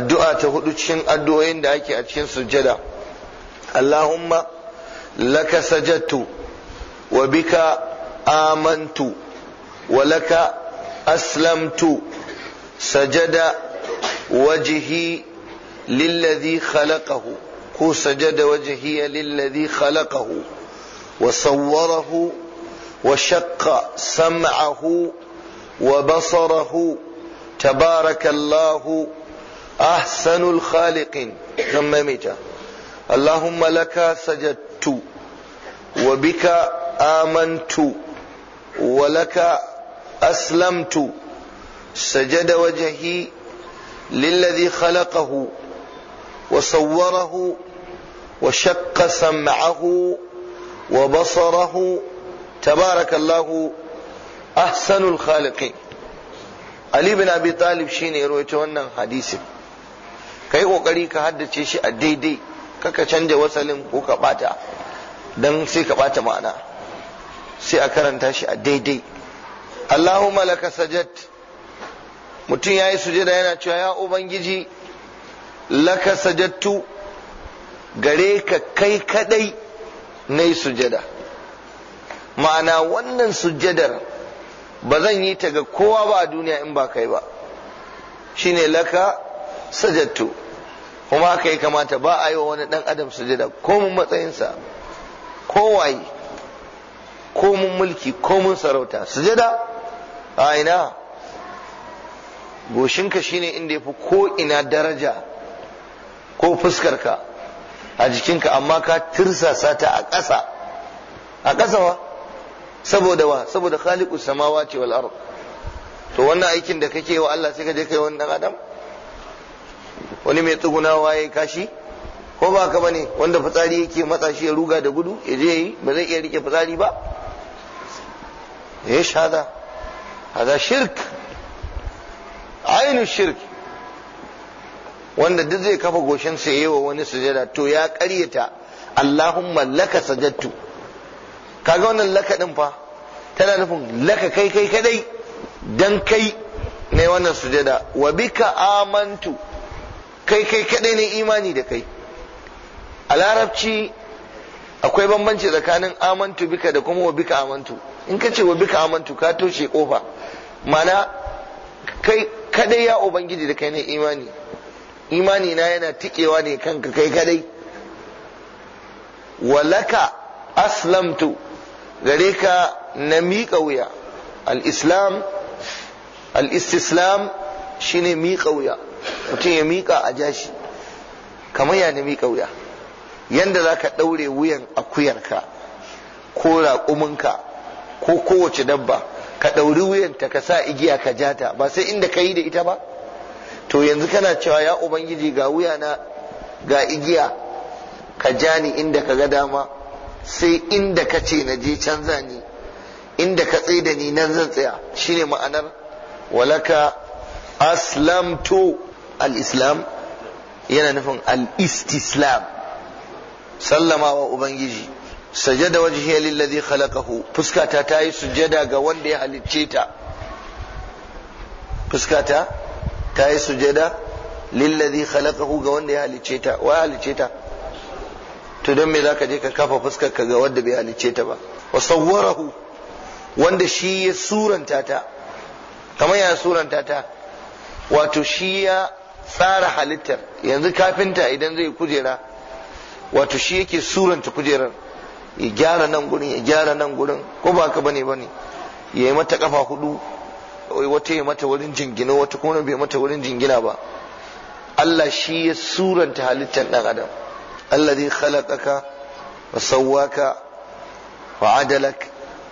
addu'a ta hudu cikin addu'o'in da ake a cikin sujjada Allahumma laka sajattu wa bika amantu wa laka aslamtu sajada wajhi lilladhi khalaqahu ko sajada wajhi lilladhi khalaqahu wa sawwarahu wa shaqqa sam'ahu wa basarahu tabarakallahu أحسن الخالقين نمميتا اللهم لك سجدت وبك آمنت ولك أسلمت سجد وجهي للذي خلقه وصوره وشق سمعه وبصره تبارك الله أحسن الخالقين علي بن أبي طالب شيني رويته حديثه ka yi ƙoƙari ka haddace shi a daidai kaka canja wasalin ko ka ɓata, don sai ka ɓata ma'ana sai a karanta shi a daidai Allahumma laka sajad mutum yi sujada yana cewa ya ubangiji laka sajadtu gare ka kai kadai yi sujada ma'ana wannan sujadar ba zan yi ta ga kowa ba a duniya in ba kai ba shine laka sajattu kuma haka yi kamata ba a yi wa wani ɗan adam jida komun matsayinsa kowaye komun mulki komun sarauta sujada a ina goshinka shine inda ya fi ko daraja ko fuskarka a jikinka amma ka tirsasa ta a ƙasa a ƙasa wa saboda wa saboda khaliqus samawa wal to wannan aikin da kake wa Allah sai ka je kai wannan adam wani mai tsugunawa ya kashi ko ba ka bane wanda fitsari yake matsa shi ya ruga da gudu ya je yi ba zai iya rike fitsari ba ya shada hada shirk ainihin shirk wanda duk zai kafa goshin sa yi wa wani sujada to ya karyata Allahumma laka sajattu kaga wannan laka din fa tana nufin laka kai kai kadai dan kai ne wannan sujada wa bika amantu kai kai kadai ne imani da kai a larabci akwai bambanci tsakanin amantu bika da kuma wa bika amantu in ka ce wa bika amantu ka toshe kofa mana kai kadai ya ubangiji da kai ne imani imani na yana tikewa ne kanka kai kadai walaka aslamtu gare ka na miƙa wuya al-islam al-istislam shine miƙa wuya mutum ya miƙa a jashi kamar ya na miƙa wuya yadda za ka ɗaure wuyan akuyarka ko raƙuminka ko kowace dabba ka ɗauri wuyanta ka sa igiya ka jata ba sai inda ka yi da ita ba to yanzu kana cewa ya ubangiji ga na ga igiya ka ja ni inda ka ga dama sai inda ka ce na je canza ni inda ka tsaye da ni nan zan tsaya shine ma'anar walaka aslamtu al-islam yana nufin al-istislam sallama wa ubangiji sajada wajhiya lillazi khalaqahu fuskata ta yi sujada ga wanda ya halicce ta fuskata ta yi sujada lillazi khalaqahu ga wanda ya halicce ta wa halicce ta to don me zaka je ka kafa fuskar ka ga wanda bai halicce ta ba wa sawwarahu wanda shi ya suranta ta kamar ya suranta ta wato shi ya tsara halittar yanzu kafinta idan zai kujera wato shi yake suranta kujerar ya gyara nan gurin ya gyara nan gurin ko ba ka bane bane ya yi mata kafa hudu wata ya mata wurin jingina wata kuma bai mata wurin jingina ba Allah shi ya suranta halittar dan adam Allah zai khalaqaka wa sawwaka wa adalak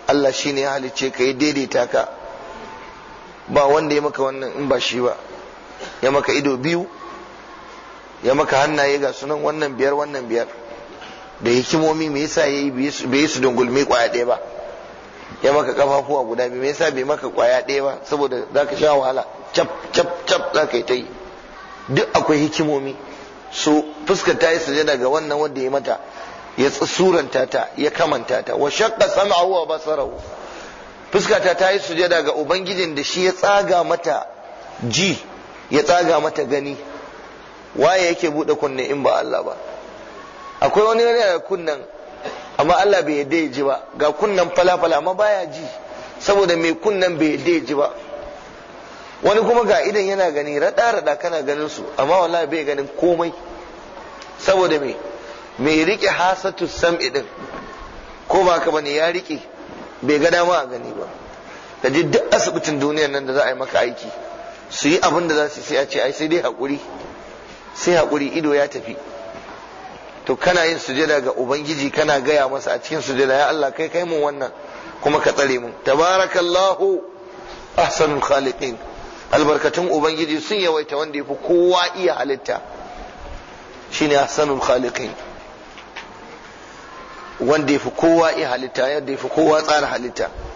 Allah shi ne ya halicce ka ya daidaita ka ba wanda ya maka wannan in ba shi ba ya maka ido biyu ya maka hannaye ga sunan wannan biyar wannan biyar da hikimomi me yasa yi bai su dungulmi kwaya ɗaya ba ya maka kafafuwa guda biyu me yasa bai maka kwaya ɗaya ba saboda za ka sha wahala cap cap cap ka yi ta yi duk akwai hikimomi su fuskar ta yi sujada ga wannan wanda ya mata ya tsuranta ta ya kamanta ta wa shaqqa sam'ahu wa basarahu fuskata ta yi sujada ga ubangijin da shi ya tsaga mata ji ya tsaga mata gani waye yake bude kunne in ba Allah ba akwai wani yana da kunnan amma Allah bai yadda ji ba ga kunnan falafala amma baya ji saboda mai kunnan bai yadda ji ba wani kuma ga idan yana gani rada rada kana ganin su amma wallahi bai ganin komai saboda me me rike hasatu sam'i din ko ba ka bane ya rike bai ga dama a gani ba da duk asibitin duniyar nan da za a yi maka aiki su yi abin da za su sai a ce ai sai dai haƙuri sai haƙuri ido ya tafi to kana yin sujada ga ubangiji kana gaya masa a cikin sujada ya Allah kai kai mun wannan kuma ka tsare mu tabarakallahu ahsanul khaliqin albarkatun ubangiji sun yawaita wanda yafi kowa iya halitta shine ahsanul khaliqin wanda yafi kowa iya halitta yadda yafi kowa tsara halitta